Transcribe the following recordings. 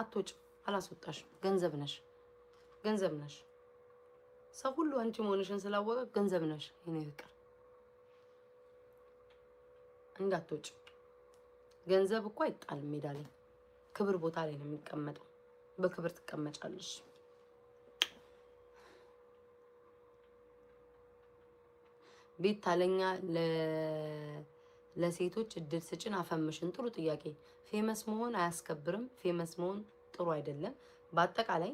አትወጭ፣ አላስወጣሽ ገንዘብ ነሽ፣ ገንዘብ ነሽ። ሰው ሁሉ አንቺ መሆንሽን ስላወቀ ገንዘብ ነሽ። የኔ ፍቅር እንዳትወጭ። ገንዘብ እኮ አይጣልም ሜዳ ላይ፣ ክብር ቦታ ላይ ነው የሚቀመጠው። በክብር ትቀመጫለሽ። ቤት ታለኛ ለሴቶች እድል ስጭን አፈምሽን። ጥሩ ጥያቄ። ፌመስ መሆን አያስከብርም። ፌመስ መሆን ጥሩ አይደለም። በአጠቃላይ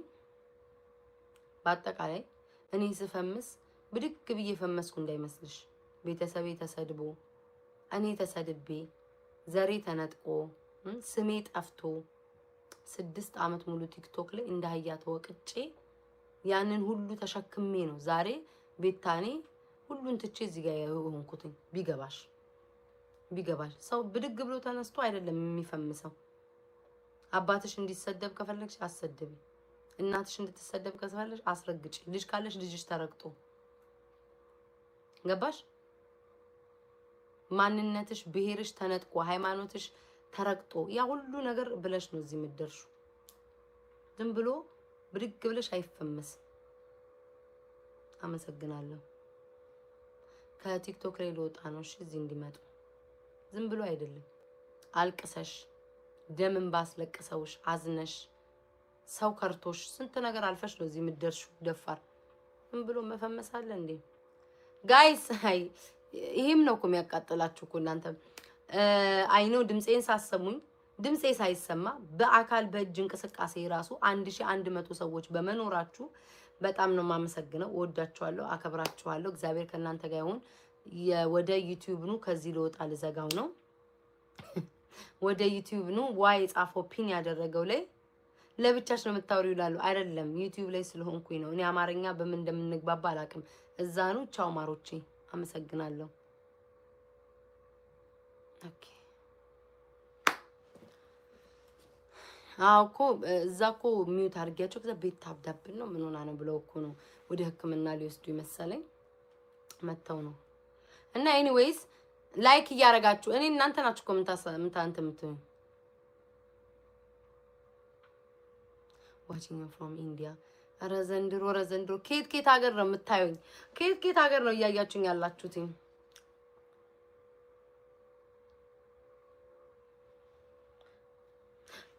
በአጠቃላይ እኔ ስፈምስ ብድግ ብዬ ፈመስኩ እንዳይመስልሽ። ቤተሰቤ ተሰድቦ፣ እኔ ተሰድቤ፣ ዘሬ ተነጥቆ፣ ስሜ ጠፍቶ ስድስት ዓመት ሙሉ ቲክቶክ ላይ እንደ አህያ ተወቅጬ ያንን ሁሉ ተሸክሜ ነው ዛሬ ቤታኔ ሁሉን ትቼ እዚህ ጋር የሆንኩትኝ ቢገባሽ ቢገባል። ሰው ብድግ ብሎ ተነስቶ አይደለም የሚፈምሰው። አባትሽ እንዲሰደብ ከፈለግሽ አሰደቢ፣ እናትሽ እንድትሰደብ ከፈለግሽ አስረግጭ። ልጅ ካለሽ ልጅሽ ተረግጦ ገባሽ። ማንነትሽ፣ ብሔርሽ ተነጥቆ ሃይማኖትሽ ተረግጦ ያ ሁሉ ነገር ብለሽ ነው እዚህ የምትደርሹ። ዝም ብሎ ብድግ ብለሽ አይፈመስም። አመሰግናለሁ። ከቲክቶክ ላይ ልወጣ ነው። እሺ እዚህ እንዲመጡ ዝም ብሎ አይደለም። አልቅሰሽ ደምን ባስለቅሰውሽ አዝነሽ ሰው ከርቶሽ ስንት ነገር አልፈሽ ነው እዚህ የምትደርሹ። ደፋር ዝም ብሎ መፈመሳለ እንዴ ጋይስ? አይ ይሄም ነው እኮ የሚያቃጥላችሁ እኮ እናንተ ነው ድምፄን ሳሰሙኝ ድምፄ ሳይሰማ በአካል በእጅ እንቅስቃሴ ራሱ አንድ ሺህ አንድ መቶ ሰዎች በመኖራችሁ በጣም ነው የማመሰግነው። ወዳችኋለሁ፣ አከብራችኋለሁ። እግዚአብሔር ከእናንተ ጋር ይሁን። ወደ ዩቲዩብ ኑ። ከዚህ ልወጣ ልዘጋው ነው። ወደ ዩቲዩብ ኑ። ዋይ የጻፈው ፒን ያደረገው ላይ ለብቻሽ ነው የምታወሪው ይላሉ። አይደለም ዩቲዩብ ላይ ስለሆንኩኝ ነው። እኔ አማርኛ በምን እንደምንግባባ አላውቅም። እዛ ኑ። ቻው ማሮቼ፣ አመሰግናለሁ። ኦኬ አዎ እኮ እዛ እኮ ሚዩት አድርጊያቸው ከዛ ቤት ታብዳብን ነው ምን ሆና ነው ብለው እኮ ነው ወደ ሕክምና ሊወስዱ ይመሰለኝ መተው ነው። እና ኤኒዌይስ ላይክ እያደረጋችሁ እኔ እናንተ ናችሁ እኮ ምታንት ምትሆኝ ዋቺንግ ፍሮም ኢንዲያ ኧረ ዘንድሮ ኧረ ዘንድሮ ከየት ከየት ሀገር ነው የምታዩኝ? ኬት ኬት ሀገር ነው እያያችሁኝ ያላችሁት?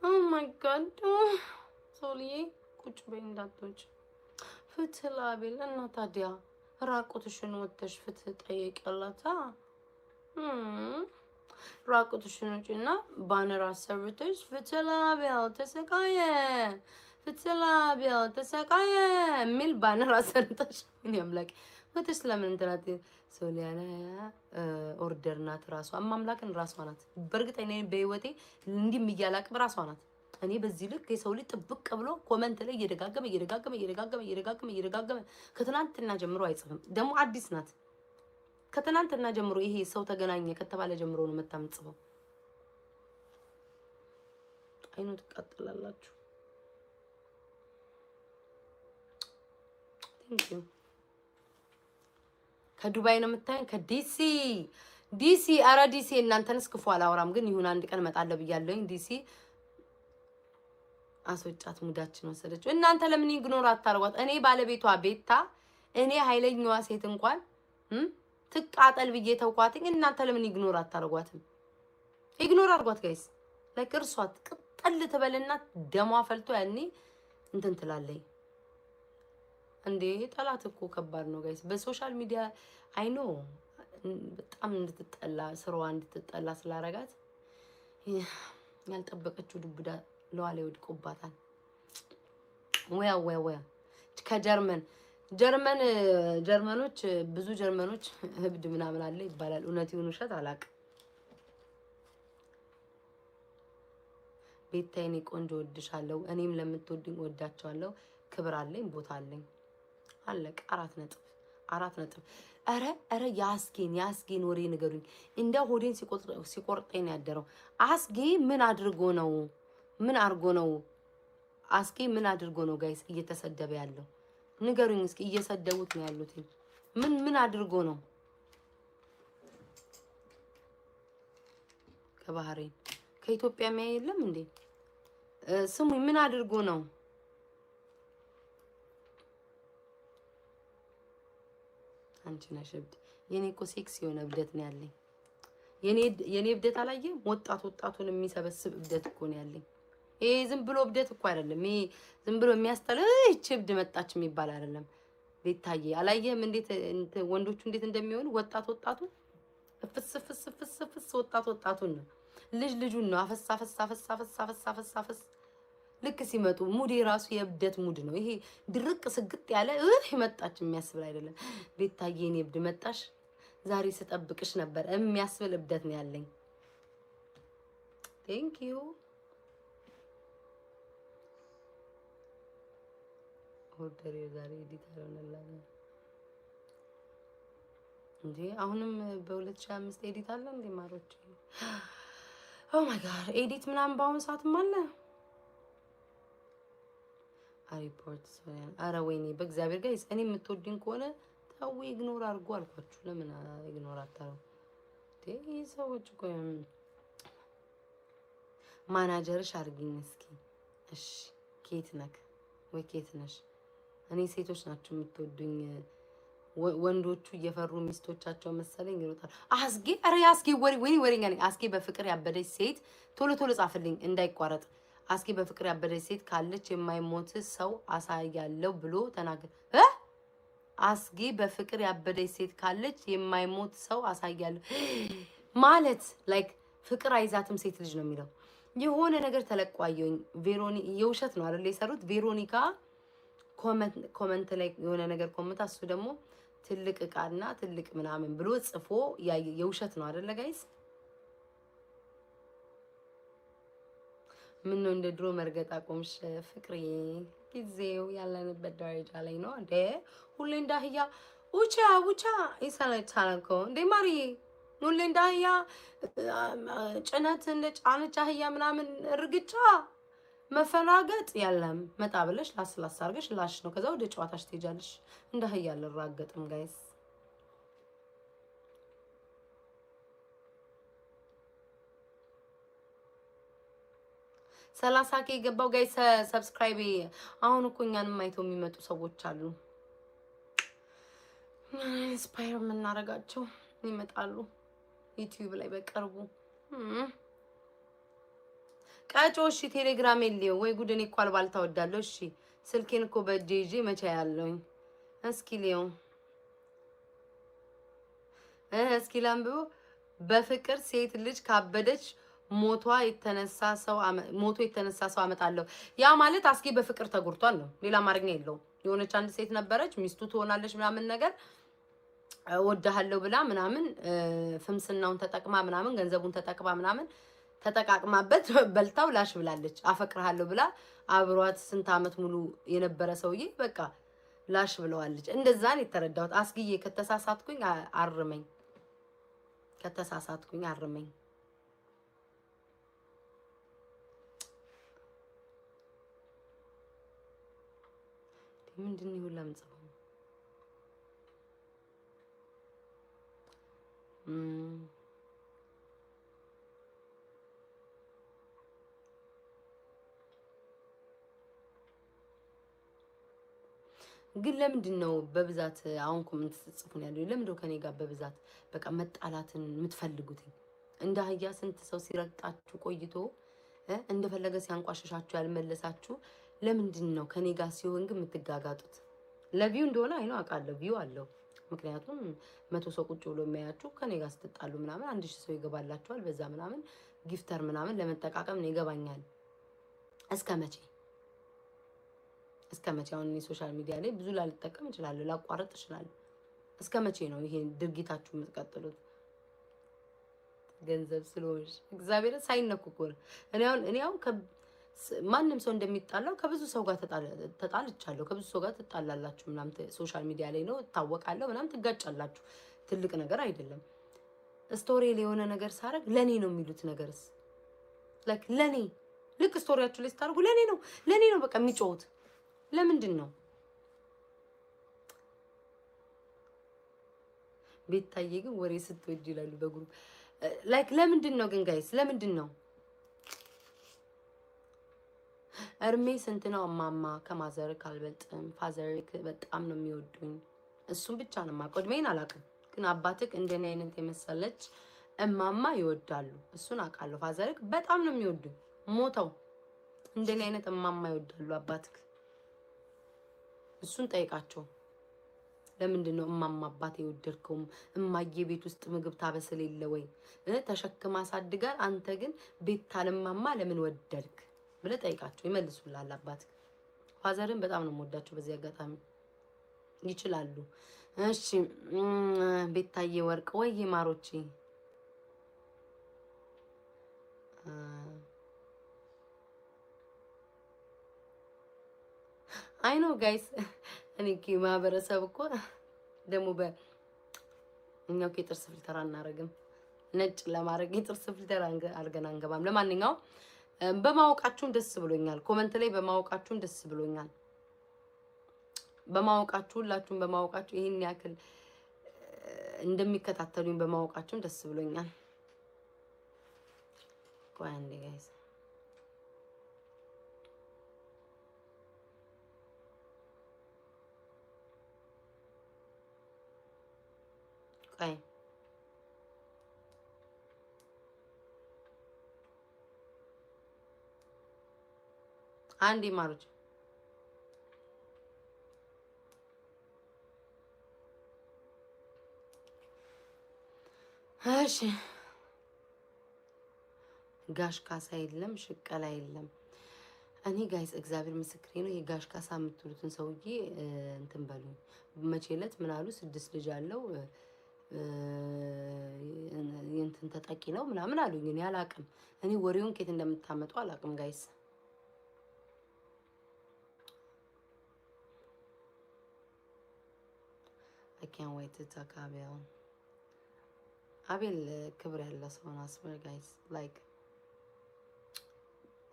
ኦ ማይ ጋድ ሶልዬ ቁጭ በይ እንዳትወጪ ፍትላ ቤል እና ታዲያ ራቁትሽን ወተሽ ፍትህ ጠየቅላታ ራቁትሽን ውጪና ባነር አሰርተሽ ፍትህ ተሰቃየ ፍትህ ተሰቃየ የሚል ባነር አሰርተሽ እኔ አምላኬ ወተሽ ለምን እንትናት ሶሊያና ኦርደር ናት። ራሷ እማምላክን ራሷ ናት። በእርግጠኛ በህይወቴ እንዲህ እያላቅም ራሷ ናት። እኔ በዚህ ልክ የሰው ልጅ ጥብቅ ብሎ ኮመንት ላይ እየደጋገመ እየደጋገመ እየደጋገመ እየደጋገመ እየደጋገመ ከትናንትና ጀምሮ አይጽፍም። ደግሞ አዲስ ናት። ከትናንትና ጀምሮ ይሄ ሰው ተገናኘ ከተባለ ጀምሮ ነው መታ አይኑ ትቃጠላላችሁ። ከዱባይ ነው የምታየን፣ ከዲሲ ዲሲ። አረ ዲሲ እናንተንስ ክፉ አላወራም፣ ግን ይሁን አንድ ቀን እመጣለሁ ብያለሁኝ ዲሲ አስወጫት። ሙዳችን ወሰደችው። እናንተ ለምን ይግኖር አታርጓት? እኔ ባለቤቷ ቤታ እኔ ኃይለኛዋ ሴት እንኳን ትቃጠል ብዬ ተውኳትኝ። እናንተ ለምን ይግኖር አታርጓትም? ኢግኖር አርጓት ጋይስ፣ ላይክ እርሷት። ቅጠል ትበልና ደሟ ፈልቶ ያኔ እንትን ትላለኝ። እንዴ ጠላት እኮ ከባድ ነው ጋይስ። በሶሻል ሚዲያ አይኖ በጣም እንድትጠላ ስራዋ እንድትጠላ ስላረጋት ያልጠበቀችው ዱብዳ ለዋላ ወድቆባታል ወያ ወያ ወያ ከጀርመን ጀርመን ጀርመኖች ብዙ ጀርመኖች እብድ ምናምን አለ ይባላል። እውነት ይሁን ውሸት አላውቅም። ቤታይ እኔ ቆንጆ ወድሻለሁ። እኔም ለምትወድኝ ወዳቸዋለሁ። ክብር አለኝ፣ ቦታ አለኝ። አለቀ። አራት ነጥብ አራት ነጥብ። ኧረ ኧረ የአስጌን የአስጌን ወሬ ንገሩኝ። እንዲያው ሆዴን ሲቆርጠኝ ያደረው አስጌ ምን አድርጎ ነው? ምን አድርጎ ነው አስጌ ምን አድርጎ ነው ጋይስ እየተሰደበ ያለው? ንገሩኝ እስኪ። እየሰደቡት ነው ያሉት። ምን ምን አድርጎ ነው? ከባህሬን ከኢትዮጵያ የሚያይ የለም እንዴ? ስሙኝ፣ ምን አድርጎ ነው? አንቺ ነሽ እብድ። የኔ እኮ ሴክስ የሆነ እብደት ነው ያለኝ። የኔ እብደት አላየም። ወጣት ወጣቱን የሚሰበስብ እብደት እኮ ነው ያለኝ። ይሄ ዝም ብሎ እብደት እኮ አይደለም። ይሄ ዝም ብሎ የሚያስጠል ይህች እብድ መጣች የሚባል አይደለም። ቤታዬ አላየህም? እንዴት ወንዶቹ እንዴት እንደሚሆኑ ወጣት ወጣቱ ፍስ ፍስ ፍስ ፍስ ወጣት ወጣቱን ነው ልጅ ልጁን ነው አፈሳ አፈሳ አፈሳ አፈሳ አፈሳ አፈሳ አፈሳ ልክ ሲመጡ ሙድ የራሱ የእብደት ሙድ ነው። ይሄ ድርቅ ስግጥ ያለ እህ መጣች የሚያስብል አይደለም። ቤታዬ እኔ እብድ መጣሽ ዛሬ ስጠብቅሽ ነበር የሚያስብል እብደት ነው ያለኝ። ቴንክ ዩ ከወደደ ዛሬ ኤዲት አልሆነላለ እንዴ? አሁንም በ2005 ኤዲት አለ እንዴ? ማሮች ኦ ማይ ጋድ ኤዲት ምናምን በአሁኑ ሰዓትም አለ። ሪፖርት ሶሪያን አረ ወይኔ በእግዚአብሔር ጋር እኔ የምትወድኝ ከሆነ ተው፣ ኢግኖር አድርጎ አልኳችሁ። ለምን ኢግኖር አታረው? ይህ ሰዎች እኮ ማናጀርሽ አድርጊኝ እስኪ። እሺ ኬት ነክ ወይ ኬት ነሽ? እኔ ሴቶች ናቸው የምትወዱኝ ወንዶቹ እየፈሩ ሚስቶቻቸው መሰለኝ ይሮጣል። አስጌ ኧረ አስጌ ወሬ ወይኔ ወሬኛ ነኝ። አስጌ በፍቅር ያበደች ሴት ቶሎ ቶሎ ጻፍልኝ እንዳይቋረጥ። አስጌ በፍቅር ያበደች ሴት ካለች የማይሞት ሰው አሳያለሁ ብሎ ተናገር። አስጌ በፍቅር ያበደች ሴት ካለች የማይሞት ሰው አሳያለሁ ማለት ላይክ ፍቅር አይዛትም ሴት ልጅ ነው የሚለው። የሆነ ነገር ተለቋየኝ ቬሮኒ የውሸት ነው አይደል የሰሩት ቬሮኒካ ኮመንት ላይ የሆነ ነገር ኮመንት እሱ ደግሞ ትልቅ እቃና ትልቅ ምናምን ብሎ ጽፎ የውሸት ነው አደለ ጋይስ? ምን ነው እንደ ድሮ መርገጥ አቆምሽ ፍቅሬ? ጊዜው ያለንበት ደረጃ ላይ ነው እንዴ? ሁሌ እንዳህያ ውቻ ውቻ ይሰለቻል እንዴ ማሪ ሁሌ እንዳህያ ጭነት እንደ ጫነች አህያ ምናምን እርግጫ መፈናገጥ የለም። መጣ ብለሽ ላስ ላስ አድርገሽ ላሽ ነው። ከዛ ወደ ጨዋታሽ ትሄጃለሽ። እንደ አህያ አልራገጥም ጋይስ። ሰላሳ ኬ የገባው ጋይስ ሰብስክራይብ። አሁን እኮ እኛንም አይተው የሚመጡ ሰዎች አሉ። ኢንስፓየር የምናደርጋቸው ይመጣሉ ዩቲዩብ ላይ በቅርቡ ቀጮ እሺ፣ ቴሌግራም የለው ወይ ጉድ! እኔ እኮ አልባልታ ወዳለሁ። እሺ፣ ስልኬን እኮ በእጄ ይዤ መቼ ያለውኝ። እስኪ ሊው እስኪ ላንብቦ። በፍቅር ሴት ልጅ ካበደች ሞቷ የተነሳ ሰው ሞቶ የተነሳ ሰው አመጣለሁ። ያ ማለት አስጌ በፍቅር ተጎድቷል ነው፣ ሌላ አማርኛ የለውም። የሆነች አንድ ሴት ነበረች፣ ሚስቱ ትሆናለች ምናምን ነገር ወዳሃለሁ ብላ ምናምን ፍምስናውን ተጠቅማ ምናምን ገንዘቡን ተጠቅማ ምናምን ተጠቃቅማበት በልታው ላሽ ብላለች። አፈቅርሃለሁ ብላ አብሯት ስንት ዓመት ሙሉ የነበረ ሰውዬ በቃ ላሽ ብለዋለች። እንደዛን የተረዳሁት አስጊዬ፣ ከተሳሳትኩኝ አርመኝ፣ ከተሳሳትኩኝ አርመኝ። ምንድን ይሁን ለምጽፈው ግን ለምንድን ነው በብዛት አሁን ኮመንት ጽፉን ያለው? ለምንድነው ከኔ ጋር በብዛት በቃ መጣላትን የምትፈልጉት እንደ አህያ ስንት ሰው ሲረግጣችሁ ቆይቶ እንደፈለገ ሲያንቋሸሻችሁ ያልመለሳችሁ ለምንድን ነው? ከኔ ጋር ሲሆን ግን የምትጋጋጡት ለቪው እንደሆነ አይነው አውቃለሁ። ቪው አለው። ምክንያቱም መቶ ሰው ቁጭ ብሎ የሚያያችሁ ከኔ ጋር ስትጣሉ ምናምን አንድ ሺህ ሰው ይገባላችኋል። በዛ ምናምን ጊፍተር ምናምን ለመጠቃቀም ነው ይገባኛል። እስከ መቼ እስከ መቼ አሁን እኔ ሶሻል ሚዲያ ላይ ብዙ ላልጠቀም እችላለሁ፣ ላቋረጥ እችላለሁ። እስከ መቼ ነው ይሄ ድርጊታችሁ የምትቀጥሉት? ገንዘብ ስለሆንሽ እግዚአብሔር ሳይነኩ እኮ ነው። እኔ አሁን እኔ አሁን ማንም ሰው እንደሚጣላው ከብዙ ሰው ጋር ተጣልቻለሁ። ከብዙ ሰው ጋር ትጣላላችሁ፣ ምናምን ሶሻል ሚዲያ ላይ ነው እታወቃለሁ፣ ምናምን ትጋጫላችሁ። ትልቅ ነገር አይደለም። ስቶሪ ላይ የሆነ ነገር ሳደርግ ለእኔ ነው የሚሉት ነገርስ፣ ለእኔ ልክ ስቶሪያችሁ ላይ ስታደርጉ ለእኔ ነው ለእኔ ነው በቃ የሚጮሁት ለምንድን ነው ቤታዬ ግን ወሬ ስትወድ ይላሉ በግሩፕ ላይክ ለምንድን ነው ግን ጋይስ ለምንድን ነው እርሜ ስንት ነው እማማ ከማዘርክ አልበልጥም ፋዘርክ በጣም ነው የሚወዱኝ እሱም ብቻ ነው የማውቀው እድሜን አላውቅም ግን አባትክ እንደኔ አይነት የመሰለች እማማ ይወዳሉ እሱን አውቃለሁ ፋዘርክ በጣም ነው የሚወዱኝ ሞተው እንደኔ አይነት እማማ ይወዳሉ አባትክ እሱን ጠይቃቸው። ለምንድን ነው እማማ አባት የወደድከውም? እማዬ ቤት ውስጥ ምግብ ታበስል የለ ወይ ተሸክማ አሳድጋል። አንተ ግን ቤት ታለማማ ለምን ወደድክ ብለ ጠይቃቸው። ይመልሱልሃል። አባት ፋዘርን በጣም ነው የምወዳቸው። በዚህ አጋጣሚ ይችላሉ። እሺ ቤታዬ ወርቅ ወይ ማሮቼ አይ ኖ ጋይስ እኔ ማህበረሰብ እኮ ደግሞ በእኛ እኮ የጥርስ ፍልተራ አናረግም። ነጭ ለማድረግ የጥርስ ፍልተራ አድርገን አንገባም። ለማንኛውም በማወቃችሁም ደስ ብሎኛል። ኮመንት ላይ በማወቃችሁም ደስ ብሎኛል። በማወቃችሁ ሁላችሁም በማወቃችሁ ይህን ያክል እንደሚከታተሉኝ በማወቃችሁም ደስ ብሎኛል። ቆይ አንዴ ጋይስ ቀጣይ አንድ ይማሩት እሺ። ጋሽ ካሳ የለም፣ ሽቀላ የለም። እኔ ጋይስ እግዚአብሔር ምስክሬ ነው። የጋሽ ካሳ የምትሉትን ሰውዬ እንትን በሉኝ። መቼ ዕለት ምን አሉ? ስድስት ልጅ አለው የእንትን ተጠቂ ነው ምናምን አሉኝ። እኔ አላቅም። እኔ ወሬውን ኬት እንደምታመጡ አላቅም ጋይስ። አኪያን ወይ አካባቢ አቤል ክብር ያለ ሰው ነው። አስበር ጋይስ ላይክ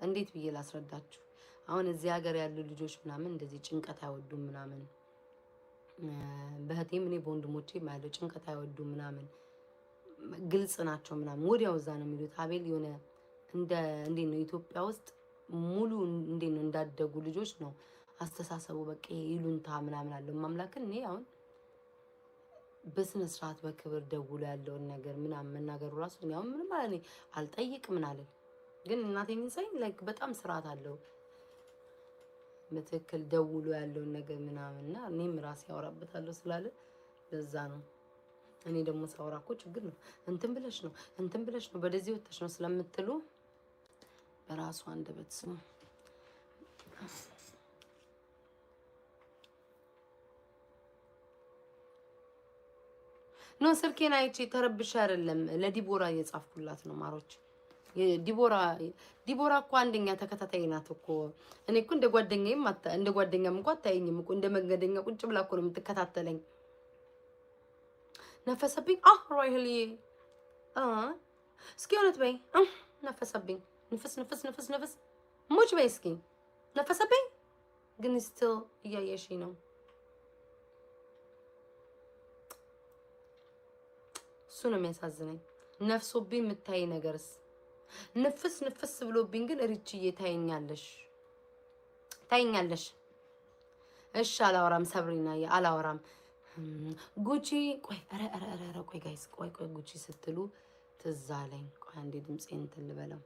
እንዴት ብዬ ላስረዳችሁ? አሁን እዚህ ሀገር ያሉ ልጆች ምናምን እንደዚህ ጭንቀት አይወዱም ምናምን በህቴም እኔ በወንድሞቼ የማያለው ጭንቀት አይወዱ ምናምን ግልጽ ናቸው ምናምን ወዲያው እዛ ነው የሚሉት። አቤል የሆነ እንደ እንዴት ነው ኢትዮጵያ ውስጥ ሙሉ እንዴት ነው እንዳደጉ ልጆች ነው አስተሳሰቡ። በቃ ይሉንታ ምናምን አለው ማምላክን እኔ አሁን በስነ ስርዓት በክብር ደውሎ ያለውን ነገር ምናምን መናገሩ ራሱ ያው ምንም አለ እኔ አልጠይቅ ምናለን፣ ግን እናቴ ምን ሳይ ላይክ በጣም ስርዓት አለው በትክክል ደውሎ ያለውን ነገር ምናምንና እኔም ራሴ ያወራበታለሁ ስላለ ለዛ ነው። እኔ ደግሞ ሳወራ እኮ ችግር ነው። እንትን ብለሽ ነው እንትን ብለሽ ነው በደዚህ ወጥተሽ ነው ስለምትሉ በራሱ አንደበት ስሙ ኖ ስልኬን አይቼ ተረብሼ አይደለም ለዲቦራ እየጻፍኩላት ነው ማሮች ዲቦራ ዲቦራ እኮ አንደኛ ተከታታይ ናት እኮ። እኔ እኮ እንደ ጓደኛዬም እንደ ጓደኛም እኮ አታየኝም እኮ እንደ መንገደኛ ቁጭ ብላ እኮ ነው የምትከታተለኝ። ነፈሰብኝ። አ ሮይህል እስኪ እውነት በይ። ነፈሰብኝ። ንፍስ ንፍስ ንፍስ ንፍስ ሙች በይ እስኪ ነፈሰብኝ። ግን ስትል እያየሽ ነው። እሱ ነው የሚያሳዝነኝ። ነፍሶብኝ የምታይ ነገርስ ንፍስ ንፍስ ብሎብኝ ግን ሪችዬ ታይኛለሽ ታይኛለሽ። እሺ አላወራም፣ ሰብሪና አላወራም። ጉቺ ቆይ፣ ረ ኧረ ኧረ ቆይ ጋይስ፣ ቆይ ቆይ፣ ጉቺ ስትሉ ትዝ አለኝ። ቆይ አንዴ ድምፄን እንትን ልበለው።